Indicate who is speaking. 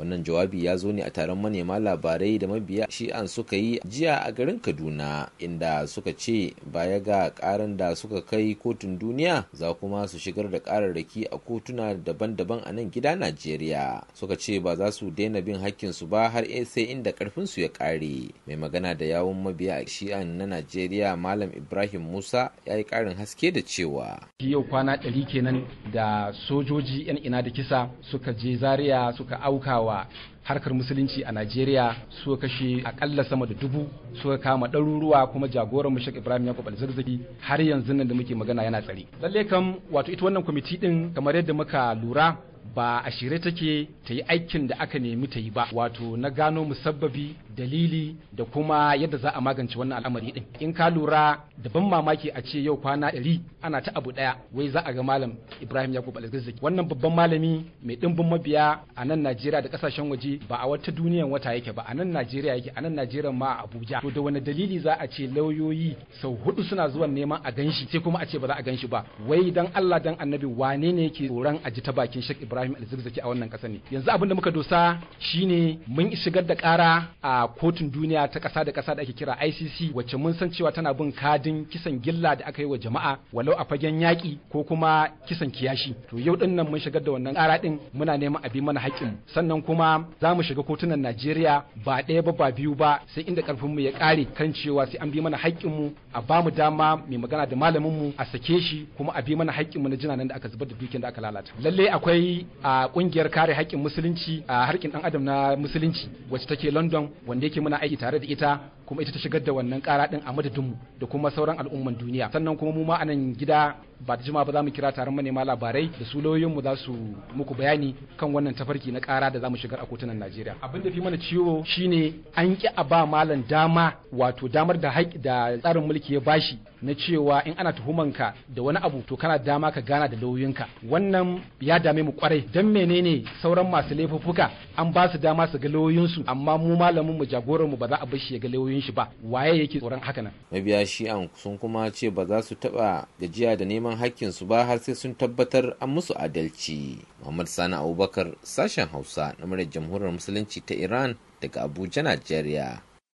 Speaker 1: wannan jawabi ya zo ne a taron manema labarai da mabiya shi'an suka yi jiya a garin kaduna inda suka ce baya ga karan da suka kai kotun duniya za kuma su shigar da kararraki a kotuna daban-daban a nan gida najeriya suka ce ba za su daina bin hakkin su ba har eh sai inda karfin su ya kare mai magana da yawun mabiya a shi'an na najeriya malam ibrahim musa ya yi karin haske da cewa yau kwana
Speaker 2: ɗari kenan da sojoji 'yan ina da kisa suka je zaria suka aukawa wa harkar musulunci a Najeriya su kashe akalla sama da dubu suka kama ɗaruruwa kuma jagoran Mushak Ibrahim Yakub Alzarzaki har yanzu nan da muke magana yana tsare. Lalle kam wato ita wannan kwamiti din kamar yadda muka lura ba a shirye take ta yi aikin da aka nemi ta yi ba wato na gano musabbabi dalili da kuma yadda za a magance wannan al'amari din in ka lura da ban mamaki a ce yau kwana ɗari ana ta abu daya wai za a ga malam ibrahim yakub algazaki wannan babban malami mai dimbin mabiya a nan najeriya da kasashen waje ba a wata duniyan wata yake ba a nan najeriya yake a nan najeriya ma a abuja to da wani dalili za a ce lauyoyi sau hudu suna zuwa neman a ganshi sai kuma a ce ba za a ganshi ba wai dan allah dan annabi wane ne yake tsoron a ji ta bakin shek ibrahim alzakzaki a wannan kasa ne yanzu abin da muka dosa shine mun shigar da kara a kotun duniya ta kasa da kasa da ake kira ICC wacce mun san cewa tana bin kadin kisan gilla da aka yi wa jama'a walau a fagen yaƙi ko kuma kisan kiyashi to yau din nan mun shigar da wannan ƙara din muna neman bi mana haƙƙin sannan kuma za mu shiga kotunan Najeriya ba ɗaya ba ba biyu ba sai inda ƙarfin mu ya ƙare kan cewa sai an bi mana haƙƙin mu a ba mu dama mai magana da malamin mu a sake shi kuma a bi mana haƙƙin mu na jinanan da aka zubar da dukiyar da aka lalata lalle akwai a ƙungiyar kare haƙƙin musulunci a harkin ɗan adam na musulunci wacce take London wanda yake muna aiki tare da ita kuma ita ta shigar da wannan kara din a madadinmu da kuma sauran al'umman duniya sannan kuma mu ma a nan gida ba da jima ba za mu kira taron manema labarai da su lauyoyinmu za su muku bayani kan wannan tafarki na kara da za mu shigar a kotunan Najeriya abin da fi mana ciwo shine an ki a ba malam dama wato damar da haƙƙi da tsarin mulki ya bashi na cewa in ana tuhumanka da wani abu to kana dama ka gana da lauyoyinka wannan ya dame mu kwarai dan menene sauran masu laifuffuka an ba su dama su ga lauyoyinsu amma mu malamin mu jagoran mu ba za a bar shi ya ga lauyoyin yin shi ba waye yake tsoron haka nan
Speaker 1: mabiya shi'an sun kuma ce ba za su taba gajiya da neman hakkin su ba har sai sun tabbatar an musu adalci muhammad sani abubakar sashen hausa na murar jamhuriyar musulunci ta iran daga abuja najeriya